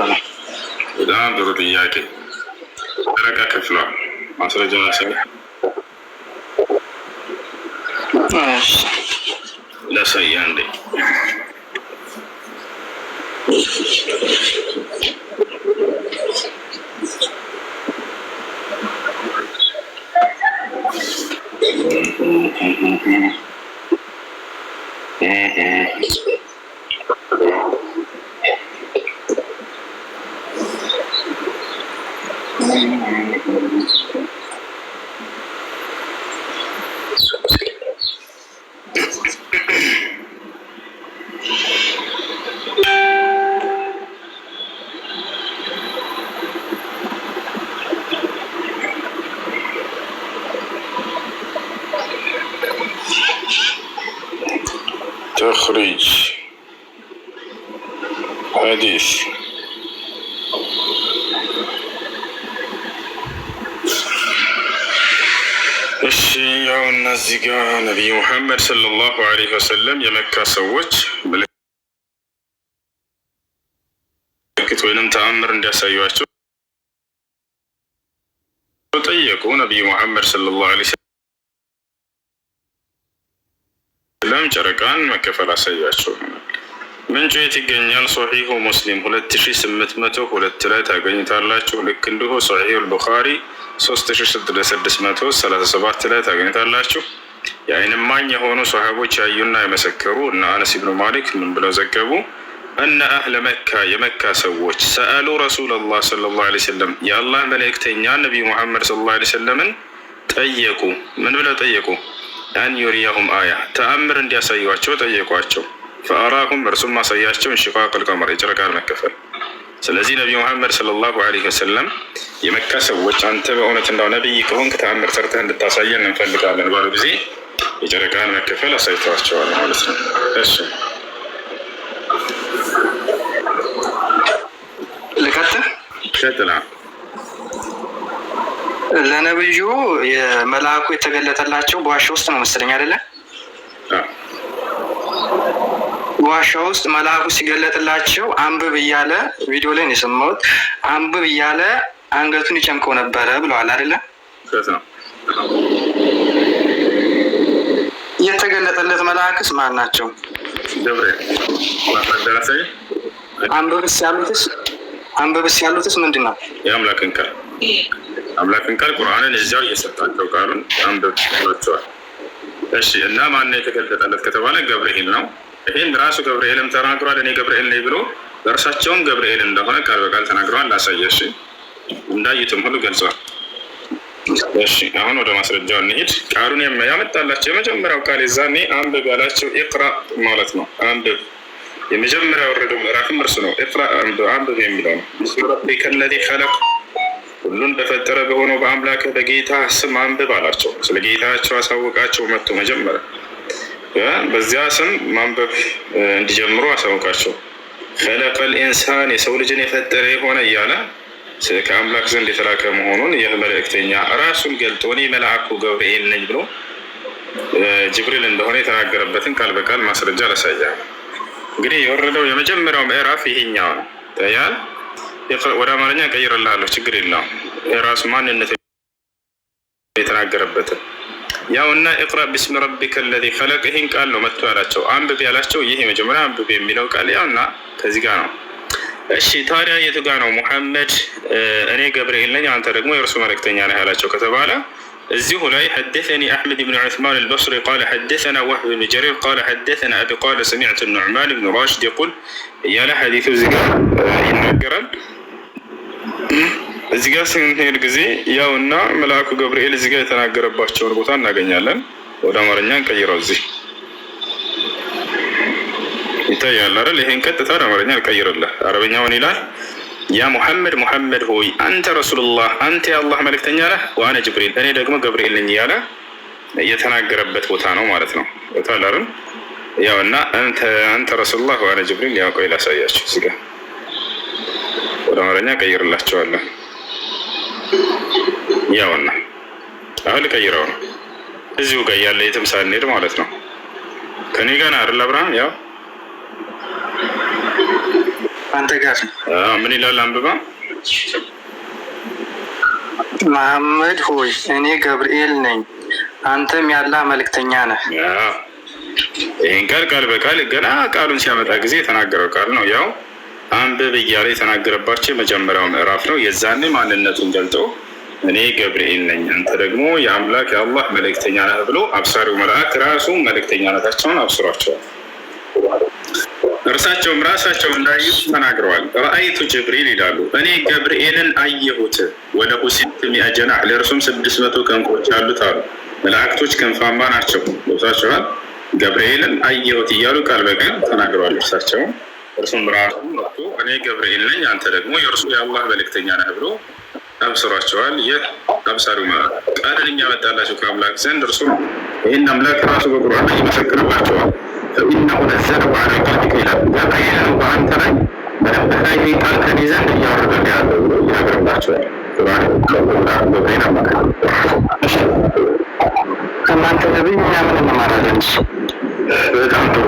ማህበረሰብ ነው? በጣም ጥሩ ጥያቄ። ረቃ ክፍሏ ማስረጃ ሰ ለሰያ እንዴ Thank you. ሰለላሁ ዐለይሂ ወሰለም የመካ ሰዎች ምልክት ወይንም ተአምር እንዲያሳዩቸው ጠየቁ። ነቢይ ሙሐመድ ሰለላሁ ዐለይሂ ወሰለም ጨረቃን መከፈል አሳያቸው። ምንጩ የት ይገኛል? ሶሒሁ ሙስሊም ሁለት ሺ ስምንት መቶ ሁለት ላይ ታገኝታላችሁ። ልክ እንዲሁ ሶሒሁ አልቡኻሪ ሶስት ሺ ስድስት መቶ ሰላሳ ሰባት ላይ ታገኝታላችሁ። የአይን እማኝ የሆኑ ሰሃቦች ያዩና የመሰከሩ እና አነስ ብኑ ማሊክ ምን ብለው ዘገቡ? እነ አህለ መካ የመካ ሰዎች ሰአሉ ረሱለላህ ሰለላሁ ዐለይሂ ወሰለም የአላህ መልእክተኛ ነቢዩ ሙሐመድ ሰለላሁ ዐለይሂ ወሰለምን ጠየቁ። ምን ብለው ጠየቁ? አን ዩሪያሁም አያ ተአምር እንዲያሳዩቸው ጠየቋቸው። ፈአራሁም እርሱም ማሳያቸው እንሽቃቅ አልቀመር የጨረቃን መከፈል ስለዚህ ነቢዩ መሐመድ ሰለላሁ ዐለይሂ ወሰለም የመካ ሰዎች አንተ በእውነት እንዳው ነቢይ ከሆንክ ተአምር ሰርተህ እንድታሳየን እንፈልጋለን ባሉ ጊዜ የጨረቃን መከፈል አሳይተዋቸዋል ማለት ነው። እሺ ለነብዩ መልአኩ የተገለጠላቸው በዋሻ ውስጥ ነው መሰለኝ አይደለም? ዋሻ ውስጥ መልአኩ ሲገለጥላቸው አንብብ እያለ ቪዲዮ ላይ ነው የሰማሁት። አንብብ እያለ አንገቱን ይጨምቀው ነበረ ብለዋል አይደለ? የተገለጠለት መልአክስ ማን ናቸው? አንብብስ ያሉትስ ምንድን ነው? የአምላክን ቃል አምላክን ቃል ቁርአንን እዚያው እየሰጣቸው ቃሉን አንብብ ይሏቸዋል። እሺ እና ማን ነው የተገለጠለት ከተባለ ገብርኤል ነው። ይህን ራሱ ገብርኤልም ተናግሯል። እኔ ገብርኤል ነኝ ብሎ እርሳቸውም ገብርኤል እንደሆነ ቃል በቃል ተናግረዋል። ላሳየሽ እንዳዩትም ሁሉ ገልጿል። እሺ አሁን ወደ ማስረጃው እንሄድ። ቃሉን ያመጣላቸው የመጀመሪያው ቃል የዛኔ አንብብ ያላቸው ኢቅራ ማለት ነው። አንብ የመጀመሪያ ወረደው ምዕራፍም እርሱ ነው። ኢቅራ አንብ የሚለው ነው። ከለዚ ለዚ ሁሉን በፈጠረ በሆነው በአምላክ በጌታ ስም አንብብ አላቸው። ስለ ጌታቸው አሳወቃቸው። መጥቶ መጀመሪያ በዚያ ስም ማንበብ እንዲጀምሩ አሳውቃቸው። ከለቀል ኢንሳን የሰው ልጅን የፈጠረ የሆነ እያለ ከአምላክ ዘንድ የተላከ መሆኑን ይህ መልእክተኛ ራሱን ገልጦ እኔ መልአኩ ገብርኤል ነኝ ብሎ ጅብሪል እንደሆነ የተናገረበትን ቃል በቃል ማስረጃ ላሳያ። እንግዲህ የወረደው የመጀመሪያው ምዕራፍ ይሄኛው ነው። ታያል። ወደ አማርኛ ቀይርልሃለሁ፣ ችግር የለውም። ራሱ ማንነት የተናገረበትን ያው እና እቅራ ብስሚ ረቢከ ለዚ ከለቅ ይህን ቃል ነው መጥቶ ያላቸው። አንብቤ ያላቸው ይህ የመጀመሪያ አንብቤ የሚለው ቃል ያው እና ከዚህ ጋር ነው። እሺ ታዲያ የቱ ጋር ነው ሙሐመድ እኔ ገብርኤል ነኝ አንተ ደግሞ የእርሱ መልእክተኛ ነህ ያላቸው ከተባለ እዚሁ ላይ ሐደሰኒ አሕመድ ብን ዑስማን አልበስሪ ቃለ ሐደሰና ወህብ ብን ጀሪር ቃለ ሐደሰና አቢ ቃለ ሰሚዕቱ ኑዕማን ብን ራሽድ ይቁል እያለ ሐዲሱ እዚህ ጋር ይናገራል። እዚህ ጋር ስንሄድ ጊዜ ያው እና መልአኩ ገብርኤል እዚህ ጋር የተናገረባቸውን ቦታ እናገኛለን። ወደ አማርኛ እንቀይረው። እዚህ ይታያል አይደል? ይሄን ቀጥታ ወደ አማርኛ እንቀይርልህ። አረበኛ ይላል? ያ ሙሐመድ ሙሐመድ ሆይ አንተ ረሱሉላህ አንተ የአላህ መልእክተኛ ነህ፣ ዋነ ጅብሪል እኔ ደግሞ ገብርኤል ነኝ እያለ የተናገረበት ቦታ ነው ማለት ነው። ታላርን ያው እና አንተ ረሱሉላህ ዋነ ጅብሪል ያውቀው ላሳያችሁ። እዚህ ጋር ወደ አማርኛ ቀይርላቸዋለን። ያውና አሁን ልቀይረው ነው። እዚሁ ጋር ያለ የትም ሳንሄድ ማለት ነው። ከኔ ጋር አይደል አብርሃም? ያው አንተ ጋር ምን ይላል አንብባ መሐመድ ሆይ እኔ ገብርኤል ነኝ፣ አንተም ያላ መልእክተኛ ነህ። ይህን ቃል ቃል በቃል ገና ቃሉን ሲያመጣ ጊዜ የተናገረው ቃል ነው። ያው አንብብ እያለ የተናገረባቸው የመጀመሪያው ምዕራፍ ነው። የዛኔ ማንነቱን ገልጦ እኔ ገብርኤል ነኝ፣ አንተ ደግሞ የአምላክ የአላህ መልእክተኛ ነህ ብሎ አብሳሪው መልአክ ራሱ መልእክተኛነታቸውን አብስሯቸዋል። እርሳቸውም ራሳቸው እንዳዩት ተናግረዋል። ረአይቱ ጅብሪል ይላሉ፣ እኔ ገብርኤልን አየሁት። ወደ ሁሴት ሚያጀናዕ ለእርሱም ስድስት መቶ ከንቆች አሉት አሉ። መላእክቶች ክንፋማ ናቸው። ቦታቸዋል ገብርኤልን አየሁት እያሉ ቃል በቃል ተናግረዋል። እርሳቸውም እርሱም ራሱ እኔ ገብርኤል ነኝ፣ አንተ ደግሞ የእርሱ የአላህ መልእክተኛ ነህ ብሎ አብስሯቸዋል። ይህ አብሳሪ ቃልን እኛ መጣላቸው ከአምላክ ዘንድ እርሱ ይህን አምላክ ራሱ በቁርአን ላይ ይመሰክርባቸዋል። ፈኢነሁ ነዘለሁ ዐላ ቀልቢከ ይላል። ገብርኤል በአንተ ላይ በደንብህ ላይ ይህ ቃል ከኔ ዘንድ እያወረደ ያለ ብሎ ይነግርባቸዋል። ገብርኤል አማካ ከእናንተ ነቢይ እኛ ምን እንማራለን? እሱ በጣም ጥሩ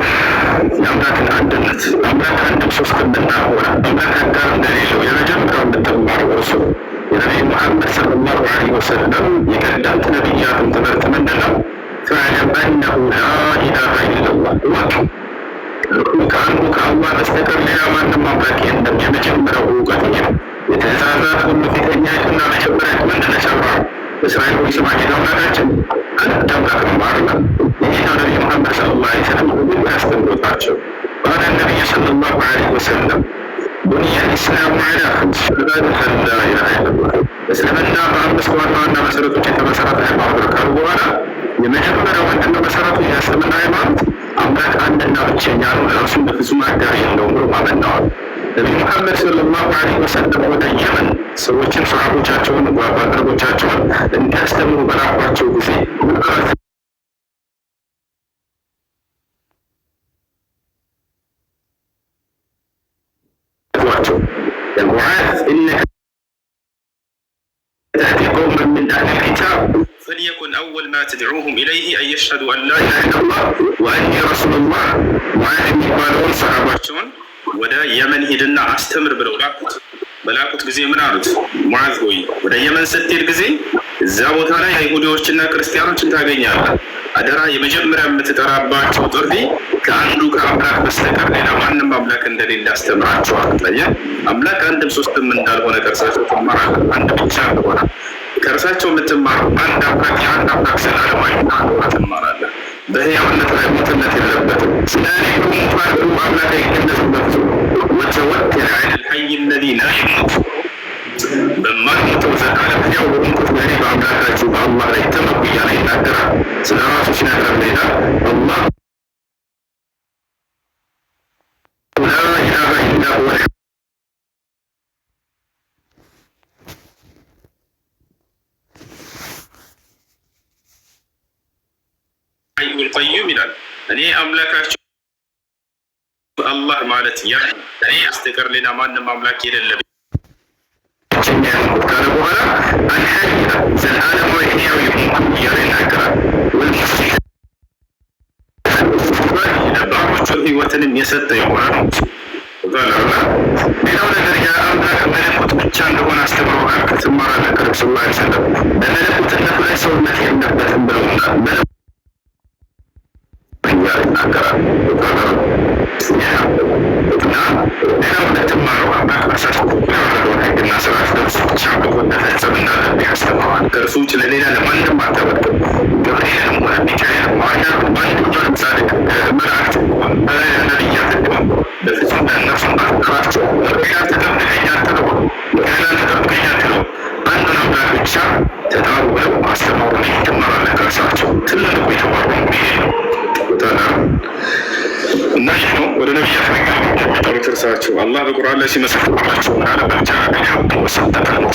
የአምላክን አንድነት አምላክ አንድም ሶስትም እና ሆነ አምላክ አጋር እንደሌለው የመጀመሪያው የምትማረው እሱ ነቢይ ሙሐመድ ሰለላሁ ዐለይሂ ወሰለም የቀደምት ነቢያትን ትምህርት ምንድነው? ትዕለም አነሁ ላኢላሃ ኢለላህ እወቅ፣ ከአንዱ ከአላህ በስተቀር ሌላ ማንም አምላክ የለም። የመጀመሪያው እውቀት ይህ ነው። የትእዛዛት ሁሉ ፊተኛ ፊተኛይቱና መጀመሪያ ምንድነች? እስራኤል ወይ ስማ፣ ጌታ አምላካችን አንድ አምላክ ነው አለ። ይሄ ነው ነቢይ መሐመድ ስለ ላ ወሰለም ሁሉ ያስተምሩታቸው። ባለ ነቢይ ስለ ላሁ ዐለይሂ ወሰለም ቡኒያ ልእስላሙ ዐላ ከምስ ላ ኢላሃ እስልምና በአምስት ዋና ዋና መሰረቶች የተመሰረተ ሃይማኖት ካሉ በኋላ የመጀመሪያው ምንድነው መሰረቱ? የእስልምና ሃይማኖት አምላክ አንድና ብቸኛ ነው፣ ራሱን በፍጹም አጋር የለውም ብሎ ማመናዋል። ነቢ መሐመድ ሰለላሁ ዐለይሂ ወሰለም ወደ የመን ሰዎችን ሰሃቦቻቸውን፣ ጓባደረቦቻቸውን እንዲያስተምሩ በላኳቸው ጊዜ تأتي قوما من أهل الكتاب فليكن أول ما تدعوهم إليه أن يشهدوا أن لا إله إلا الله وأني رسول الله وأني يقالون صحابة ودا يمن هدنا أستمر بالأولاق በላኩት ጊዜ ምን አሉት? ሙዓዝ ሆይ ወደ የመን ስትሄድ ጊዜ እዛ ቦታ ላይ አይሁዲዎችና ክርስቲያኖችን ታገኛለህ። አደራ የመጀመሪያ የምትጠራባቸው ጥሪ ከአንዱ ከአምላክ በስተቀር ሌላ ማንም አምላክ እንደሌለ አስተምራቸዋል። ለየ አምላክ አንድም ሶስትም እንዳልሆነ ከእርሳቸው ትማራለህ። አንድ ብቻ እንደሆነ ከእርሳቸው የምትማረው አንድ አምላክ የአንድ አምላክ ዘላለማዊ እንደሆነ ትማራለህ። በህያውነት ላይ ሞትነት የለበትም። ስለ እኔ ቁም አምላክ አይገለጽበትም وتوكل على الحي الذي لا يموت በማግኘት ተወሰቃለት ያው በቁንቁት መሪ በአምላካችሁ በአላህ ላይ ተመኩ እያለ ይናገራል። ስለ ራሱ ሲናገር ሌላ አላህ ላኢላሃ ኢላ ሁወ القيوم ይላል እኔ አምላካችሁ አላህ ማለት ያ እኔ አስተቀር ሌላ ማንም አምላክ የሌለም ካለ በኋላ አልሐይ ዘለዓለማዊ ህያው የሆንኩ እያለ ይናገራል። ለባሮቹ ህይወትንም የሰጠ የሆነ ሌላው ነገር ያ መለኮት ብቻ እንደሆነ አስተምረዋል። ከትማራ ነገር ሰለም በመለኮትነቱ ላይ ሰውነት የለበትም ብለውናል። ከእርሱ ውጭ ለሌላ ለማንም አታመልክም። ገብርኤልም ሆነ ሚካኤልም ማርያም ማንም ጻድቅ መላእክት ነቢያት እንዲሆን በፍጹም ለእነርሱ አትጠራቸው። ምክንያት ከኛ አትለው፣ ምክንያት ከኛ አትለው፣ አንድ አምላክ ብቻ ተጣሩ ብለው አስተማሩ። ትማራለህ ከእርሳቸው ትልቁ የተባሉ ይሄ ነው ቁጠራ ነሽ ነው ወደ ነሽ አሉት። እርሳቸው አላህ በቁርአን ላይ ሲመሰክርላቸው አለ ነው፣ ነው፣ ነው፣ ነው፣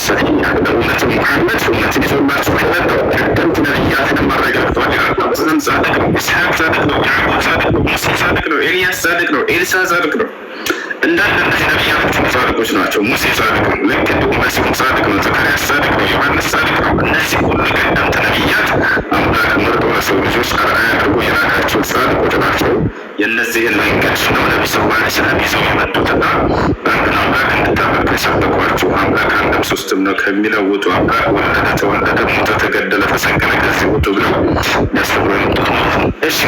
ነው፣ ነው። እንዳንዳንድ የነቢያቶች ጻድቆች ናቸው። ሙሴ ጻድቅ ነው፣ ልክ እንዲሁ መሲሁም ጻድቅ ነው፣ ዘካርያስ ጻድቅ ነው፣ ዮሐንስ ጻድቅ ነው። እነዚህ ሁሉ ቀደምት ነቢያት አምላክ መርጦ ለሰው ልጆች አርአያ አድርጎ የላካቸው ጻድቆች ናቸው። የእነዚህን መንገድ ነው ነቢ ሰለላሁ ዐለይሂ ይዘው የመጡትና አንድን አምላክ እንድታመልኩ የሰበኳችሁ አምላክ አንድም ሶስትም ነው ከሚለው አምላክ ወለደ፣ ተወለደ፣ ሞተ፣ ተገደለ፣ ተሰቀለ ከዚህ ውጡ ብለው ያስተምሩ የመጡት ማለት ነው። እሺ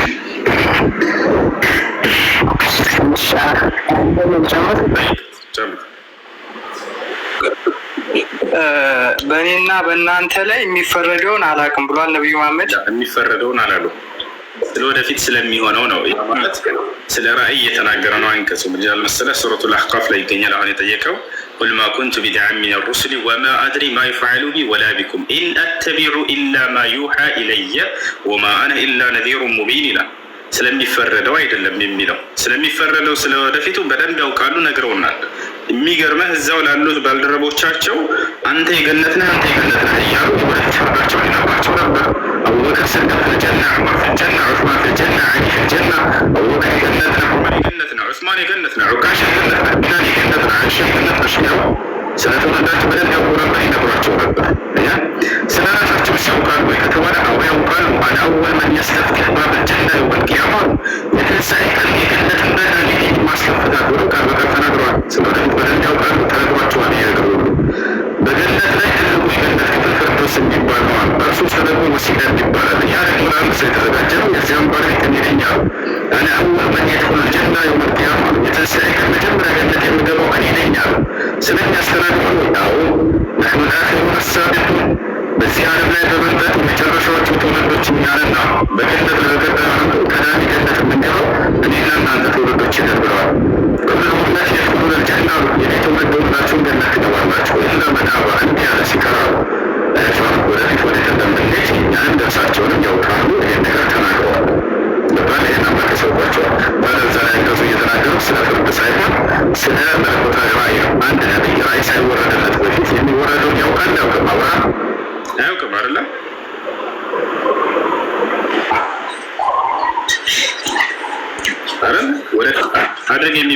በእኔና በእናንተ ላይ የሚፈረደውን አላውቅም ብሏል ነብዩ መሐመድ። የሚፈረደውን አላሉ ስለወደፊት ስለሚሆነው ነው ስለ ራእይ እየተናገረ ነው። አንቀጹ ምጃ መሰለ ሱረቱል አህቃፍ ላይ ይገኛል። አሁን የጠየቀው ቁል ማ ኩንቱ ቢድዓ ሚን ሩስሊ ወማ አድሪ ማ ይፍዓሉ ቢ ወላ ቢኩም ኢን አተቢዑ ኢላ ማ ዩሓ ኢለየ ወማ አነ ኢላ ነዚሩ ሙቢን ይላል። ስለሚፈረደው አይደለም የሚለው ስለሚፈረደው ስለወደፊቱ በደንብ ያውቃሉ፣ ነግረውናል። የሚገርመህ እዛው ላሉት ባልደረቦቻቸው አንተ የገነት ነህ፣ አንተ የገነት ነህ እያሉ ወደፊት ፍርዳቸው ነበር። አቡበከር ሰደቅ ልጀና፣ ዑመር ፊልጀና፣ ዑስማን ፊልጀና፣ ዓሊ ፊልጀና። አቡበከር የገነት ነህ፣ ዑመር የገነት ነህ፣ ዑስማን የገነት ነህ፣ ዑካሽ የገነት ነህ፣ ቢላል የገነት ነህ፣ አይሻ የገነት ነሽ እያሉ ስለተወለዳቸው በደንብ ያውቁ ነበር፣ ይነግሯቸው ነበር። ስለ ያውቃሉ ወይ ከተባለ አዎ ያውቃሉ። አነ መን የስተፍትህ ባበል የውመል ቂያማ የትንሣኤ ቀን የገነትን በር እንዴት ማስከፈታል ብሎ ቃል በቃል ተናግረዋል። ስለወደፊት በደንብ ያውቃሉ፣ ተነግሯቸዋል። ይህ ሁሉ በገነት ላይ ትልቁ የገነት ክፍል ፍርዶስ የሚባል ነዋል። በእርሱ ውስጥ ደግሞ መሲዳት ይባላል። ያ ደግሞ ለአንድ የተዘጋጀ ነው። የዚያም ባለቤት እንዲለኛ አነ መን የድኹሉል ጀና የውመል ቂያማ የትንሣኤ ቀን መጀመሪያ ገነት የሚገባው እኔ ነኝ አሉ። ስለሚያስተናግዱ አዎ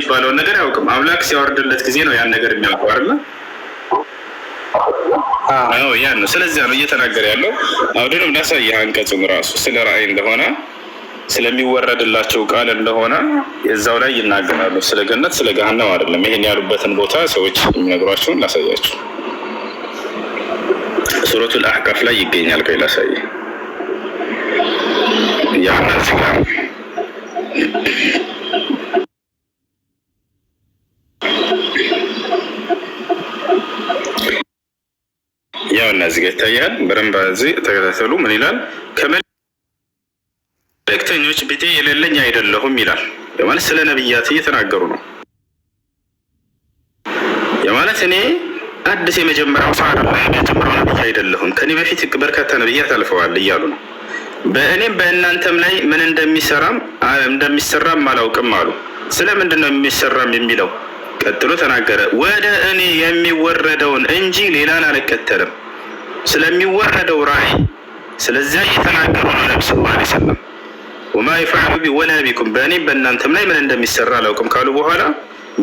የሚባለውን ነገር አያውቅም። አምላክ ሲያወርድለት ጊዜ ነው ያን ነገር የሚያውቀው አይደለ? አዎ ያን ነው። ስለዚያ ነው እየተናገረ ያለው። አውድንም ላሳየህ አንቀጹም ራሱ ስለ ራእይ እንደሆነ ስለሚወረድላቸው ቃል እንደሆነ እዛው ላይ ይናገራሉ። ስለ ገነት ስለ ገሃነም አይደለም። ይሄን ያሉበትን ቦታ ሰዎች የሚነግሯቸውን ላሳያቸው። ሱረቱ አሕቃፍ ላይ ይገኛል። ቆይ ላሳየህ። ያውና እዚህ ጋር ይታያል። በደንብ እዚህ ተከታተሉ። ምን ይላል? ከመልእክተኞች ቢጤ የሌለኝ አይደለሁም ይላል። ለማለት ስለ ነቢያት እየተናገሩ ነው። የማለት እኔ አዲስ የመጀመሪያው ሰ የጀመረው ነቢይ አይደለሁም፣ ከኔ በፊት በርካታ ነቢያት አልፈዋል እያሉ ነው። በእኔም በእናንተም ላይ ምን እንደሚሰራም እንደሚሰራም አላውቅም አሉ። ስለ ምንድን ነው የሚሰራም የሚለው ቀጥሎ ተናገረ። ወደ እኔ የሚወረደውን እንጂ ሌላን አልከተልም። ስለሚወረደው ራእይ ስለዚያ እየተናገሩ ነው ነቢ ስለ ላ ሰለም ወማ ይፍዓሉ ቢ ወላ ቢኩም በእኔም በእናንተም ላይ ምን እንደሚሰራ አላውቅም ካሉ በኋላ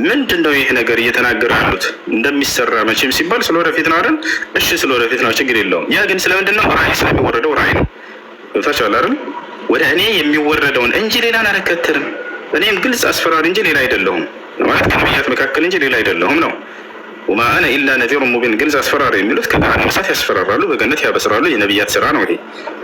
ምንድን ነው ይህ ነገር እየተናገሩ ያሉት? እንደሚሰራ መቼም ሲባል ስለ ነው አይደል? እሺ ስለ ነው፣ ችግር የለውም። ያ ግን ስለምንድን ነው? ራእይ ስለሚወረደው ራእይ ነው። ገብታችኋል አይደል? ወደ እኔ የሚወረደውን እንጂ ሌላን አልከተልም። እኔም ግልጽ አስፈራሪ እንጂ ሌላ አይደለሁም ማለት ከነቢያት መካከል እንጂ ሌላ አይደለሁም ነው ወማ አነ ኢላ ነዚሩ ሙቢን ግልጽ አስፈራሪ የሚሉት ከብርሃን ነፍሳት ያስፈራራሉ፣ በገነት ያበስራሉ። የነቢያት ስራ ነው ይሄ።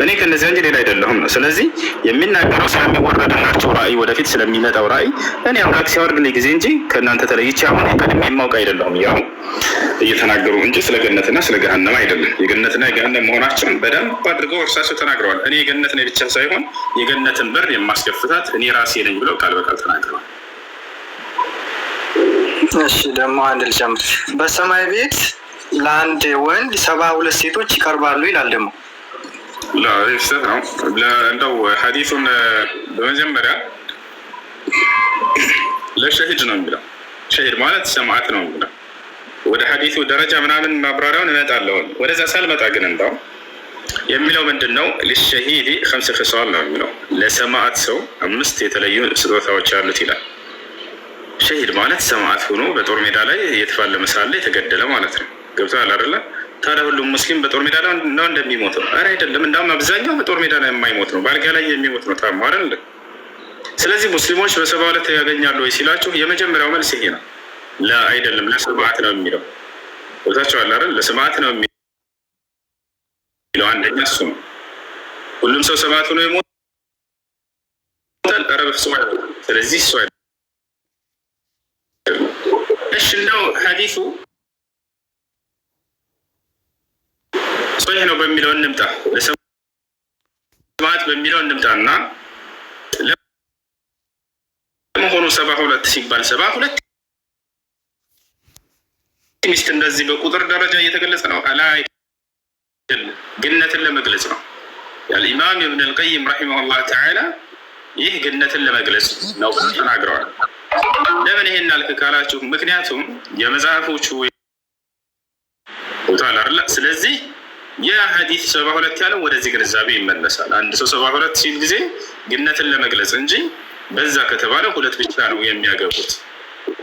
እኔ ከነዚያ እንጂ ሌላ አይደለሁም ነው። ስለዚህ የሚናገረው ስለሚወረድላቸው ራእይ፣ ወደፊት ስለሚመጣው ራእይ እኔ አምላክ ሲያወርድልኝ ጊዜ እንጂ ከእናንተ ተለይቼ አሁን ቀድሜ የማውቅ አይደለሁም እያሉ እየተናገሩ እንጂ ስለ ገነትና ስለ ገሃነም አይደለም። የገነትና የገሃነም መሆናቸውን በደንብ አድርገው እርሳቸው ተናግረዋል። እኔ የገነት ነኝ ብቻ ሳይሆን የገነትን በር የማስከፍታት እኔ ራሴ ነኝ ብለው ቃል በቃል ተናግረዋል። እሺ ደግሞ አንድ ልጨምር። በሰማይ ቤት ለአንድ ወንድ ሰባ ሁለት ሴቶች ይቀርባሉ ይላል። ደግሞ ፍሰት እንደው ሀዲሱን በመጀመሪያ ለሸሂድ ነው የሚለው። ሸሂድ ማለት ሰማዕት ነው የሚለው። ወደ ሀዲሱ ደረጃ ምናምን ማብራሪያውን እመጣለሁን። ወደዛ ሳልመጣ ግን እንደው የሚለው ምንድን ነው? ልሸሂድ ከምስ ኽሳል ነው የሚለው ለሰማዕት ሰው አምስት የተለዩ ስጦታዎች አሉት ይላል። ሸሂድ ማለት ሰማዕት ሆኖ በጦር ሜዳ ላይ እየተፋለመ ሳለ የተገደለ ማለት ነው። ገብቶሃል አይደለ? ታዲያ ሁሉም ሙስሊም በጦር ሜዳ ላይ እንደሚሞት ነው? አረ አይደለም። እንዳውም አብዛኛው በጦር ሜዳ ላይ የማይሞት ነው፣ በአልጋ ላይ የሚሞት ነው። ታማ አይደለ? ስለዚህ ሙስሊሞች በሰባ ዕለት ያገኛሉ ወይ ሲላችሁ የመጀመሪያው መልስ ይሄ ነው። ላ አይደለም፣ ለሰማዕት ነው የሚለው ቦታቸዋል አይደል? ለሰማዕት ነው የሚለው አንደኛ እሱ ነው። ሁሉም ሰው ሰማዕት ሆኖ የሞት ረበፍ በፍጹም። ስለዚህ እሱ እሺ እንደው ሀዲሱ ሶሄ ነው በሚለው እንምጣ፣ ለሰማት በሚለው እንምጣ እና ለመሆኑ ሰባ ሁለት ሲባል ሰባ ሁለት ሚስት እንደዚህ በቁጥር ደረጃ እየተገለጸ ነው አላ ግነትን ለመግለጽ ነው። አልኢማም ኢብን አልቀይም ረሒመሁላህ ተዓላ ይህ ግነትን ለመግለጽ ነው ተናግረዋል። ለምን ይሄን አልክ ካላችሁ፣ ምክንያቱም የመጽሐፎቹ ቦታል አለ። ስለዚህ የሀዲት ሰባ ሁለት ያለው ወደዚህ ግንዛቤ ይመለሳል። አንድ ሰው ሰባ ሁለት ሲል ጊዜ ግነትን ለመግለጽ እንጂ በዛ ከተባለ ሁለት ብቻ ነው የሚያገቡት።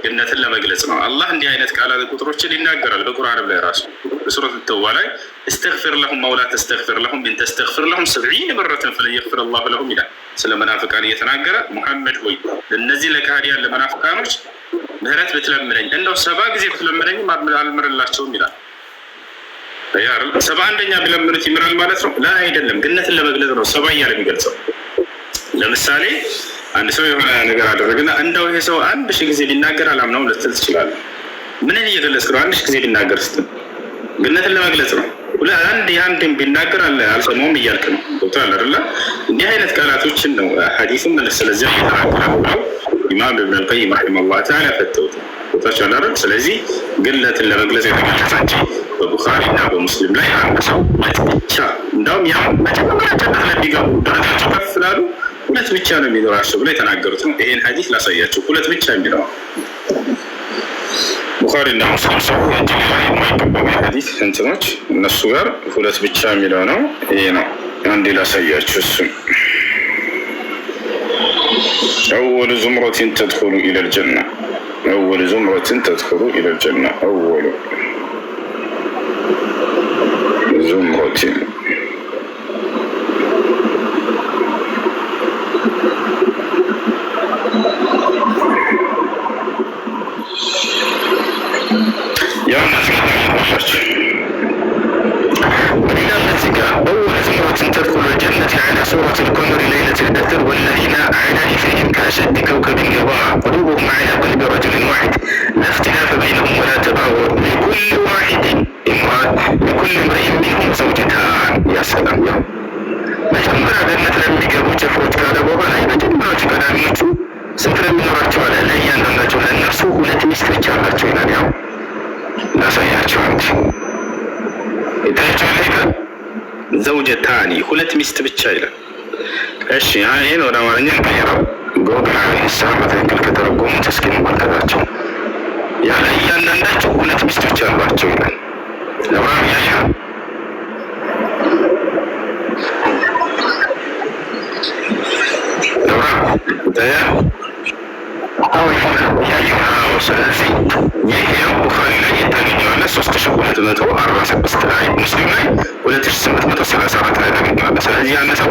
ገነትን ለመግለጽ ነው። አላህ እንዲህ አይነት ቃላት ቁጥሮችን ይናገራል በቁርአንም ላይ ራሱ በሱረት ተውባ ላይ እስተግፊር ለሁም አውላ ተስተግፊር ለሁም ኢን ተስተግፊር ለሁም ሰብዒነ መረተን ፈለን የግፊር አላሁ ለሁም ይላል። ስለ መናፍቃን እየተናገረ ሙሐመድ ሆይ እነዚህ ለካህዲያን ለመናፍቃኖች ምህረት ብትለምነኝ እንደው ሰባ ጊዜ ብትለምነኝም አልምርላቸውም ይላል። ሰባ አንደኛ ቢለምኑት ይምራል ማለት ነው? ላ አይደለም፣ ግነትን ለመግለጽ ነው ሰባ እያለ የሚገልጸው ለምሳሌ አንድ ሰው የሆነ ነገር አደረገና እንደው ይሄ ሰው አንድ ሺህ ጊዜ ሊናገር አላምነው ልትል ትችላለህ። ምንን እየገለጽክ ነው? አንድ ሺህ ጊዜ ሊናገር ስትል ግነትን ለመግለጽ ነው። አንድ የአንድን ቢናገር አለ አልሰማውም እያልክ ነው። ገብቶሃል አይደለ? እንዲህ አይነት ቃላቶችን ነው ሀዲስም ሐዲስም ስለዚያ ተናገራው ኢማም ኢብን አልቀይም ረሒመሁላህ ተዓላ ፈተውት ቦታቸውን አረግ። ስለዚህ ግለትን ለመግለጽ የተገለጸ እንጂ በቡኻሪ እና በሙስሊም ላይ አንድ ሰው ብቻ እንዳውም ያ መጀመሪያ ጀነት ለሚገቡ ደረጃቸው ከፍ ስላሉ ሁለት ብቻ ነው የሚለው ራሱ ብለው የተናገሩት ነው። ይሄን ሀዲስ ላሳያቸው። ሁለት ብቻ የሚለው ቡኻሪ እና ሙስሊም ሰው የእጅግ የማይገባው የሀዲስ እንትኖች እነሱ ጋር ሁለት ብቻ የሚለው ነው። ይሄ ነው አንድ ላሳያቸው። እሱም አወሉ ዙምረትን ተድኩሉ ኢለል ጀና አወሉ ዙምረትን ተድኩሉ ኢለል ጀና አወሉ ዙምረትን أشد كوكب الجوار قلوب على قلب رجل واحد لا اختلاف بينهم ولا تباور لكل واحد امرأة لكل امرأة منهم زوجتها يا سلام يا መጀመሪያ ገነት ለሚገቡ ጭፍሮች ካለ በኋላ የመጀመሪያዎቹ ቀዳሚዎቹ ስንት ለሚኖራቸው አለ ለእያንዳንዳቸው ለእነርሱ ሁለት ሚስቶች አላቸው ይላል። ያው ላሳያቸው አንድ ይታያቸዋል ይላል ዘውጀታኒ ሁለት ሚስት ብቻ ይላል። እሺ ይህን ወደ አማርኛ ቀይረው ተደርገው ሂሳብ በትክክል ከተረጎሙ እስኪ እንመልከታቸው። ያለ እያንዳንዳቸው ሁለት ሚስቶች አሏቸው ይላል ለአብርሃም ያያ ስለዚህ ይህ ቡኻሪ ላይ ታገኘዋለህ ሶስት ሺህ ሁለት መቶ አርባ ስድስት ላይ ሙስሊም ላይ ሁለት ሺህ ስምንት መቶ ሰላሳ አራት ላይ ታገኘዋለህ። ስለዚህ ያነሰው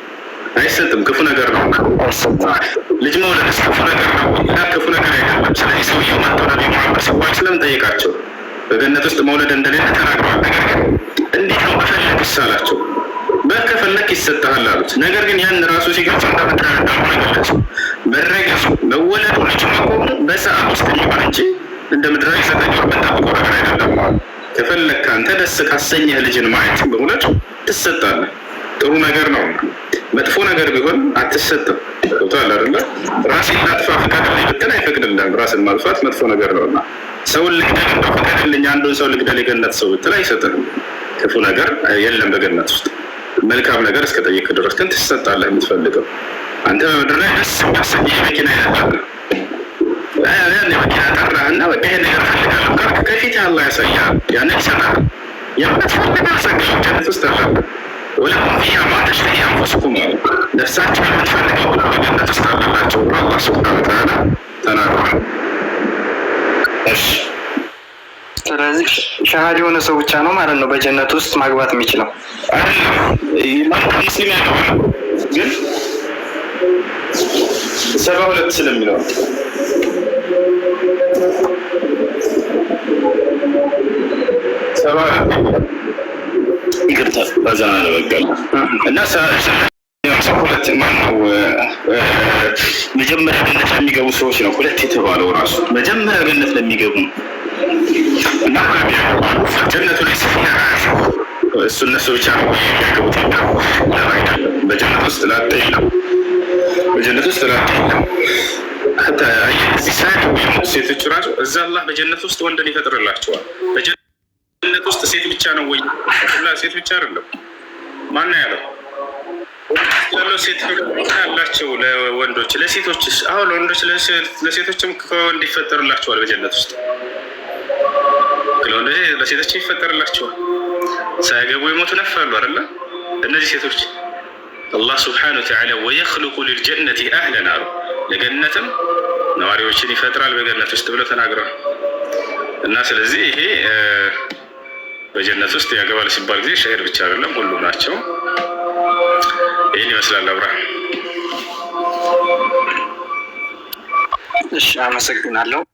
አይሰጥም። ክፉ ነገር ነው። ልጅ መውለድ ክፉ ነገር ነው። ያ ክፉ ነገር አይደለም። ስለዚህ ሰውየው መጥተው ነቢ መሐመድ ሰዎች ስለምን ጠየቃቸው? በገነት ውስጥ መውለድ እንደሌለ ተናግረዋል። ነገር ግን እንዴት ነው በፈለግ ይሳላቸው በከፈለክ ይሰጠሃል አሉት። ነገር ግን ያን ራሱ ሲገልጽ እንደምትረዳው ገለጹ። መረገሱ መወለዱ ልጅ መቆሙ በሰዓት ውስጥ የሚሆን እንጂ እንደ ምድራ ዘጠኝ ወር ነገር አይደለም። ከፈለግ ከአንተ ደስ ካሰኘህ ልጅን ማየት በእውነት ትሰጣለህ። ጥሩ ነገር ነው። መጥፎ ነገር ቢሆን አትሰጥም። ቦታል አላደለ ራሴ ላጥፋ ፍቀድልኝ ብትል አይፈቅድልም። ራስን ማጥፋት መጥፎ ነገር ነው እና ሰውን ልግደል እንደው ፍቀድልኝ፣ አንዱን ሰው ልግደል የገነት ሰው ብትል አይሰጥህም። ክፉ ነገር የለም በገነት ውስጥ መልካም ነገር እስከ ጠየቅ ድረስ ግን ትሰጣለህ። የምትፈልገው አንተ በምድር ላይ ደስ የሚያሰኝ የመኪና ይነዳል የመኪና ጠራ እና በቃ ይሄን ነገር ፈልጋለሁ ከፊት ያለ ያሳያል፣ ያንን ይሰጣል። የምትፈልገው ጸጋ ጀነት ውስጥ አለ ወለሙእሚን ሟቶች ላይ አንፉስኩም ነፍሳቸው የምትፈልገው ውስጥ አለላቸው ብሎ አላህ ሱብሃነሁ ወተዓላ ተናግሯል። እሺ ስለዚህ ሻሃድ የሆነ ሰው ብቻ ነው ማለት ነው በጀነት ውስጥ ማግባት የሚችለው ሙስሊም ያለው ግን ሰባ ሁለት ስለሚለው ሰባ ይቅርታ በዛ በቀል እና ሁለት ማነው መጀመሪያ ገነት ለሚገቡ ሰዎች ነው ሁለት የተባለው ራሱ መጀመሪያ ገነት ለሚገቡ እና ጀነቱ ላይ እሱ እነሱ ብቻ ነው በጀነት ውስጥ ላጤ የለም። በጀነት ውስጥ የለም። ሴቶች ራሱ እዛ አላህ በጀነት ውስጥ ወንድን ይፈጥርላቸዋል። ነት ውስጥ ሴት ብቻ ነው ወይ? ሁላ ሴት ብቻ አይደለም። ማነው ያለው? ያለው ሴት አላቸው ለወንዶች ለሴቶች። አሁን ለወንዶች ለሴቶችም ከወንድ ይፈጠርላቸዋል በጀነት ውስጥ ለወንዶች ለሴቶች ይፈጠርላቸዋል። ሳያገቡ የሞቱ ነፋሉ አይደለ? እነዚህ ሴቶች አላህ ስብሓነ ወተዓላ ወየኽልቁ ሊልጀነት አህለን አሉ። ለገነትም ነዋሪዎችን ይፈጥራል በገነት ውስጥ ብለው ተናግረዋል። እና ስለዚህ ይሄ በጀነት ውስጥ ያገባል ሲባል ጊዜ ሸሄድ ብቻ አይደለም፣ ሁሉ ናቸው። ይህን ይመስላል አብራ እሺ አመሰግናለሁ።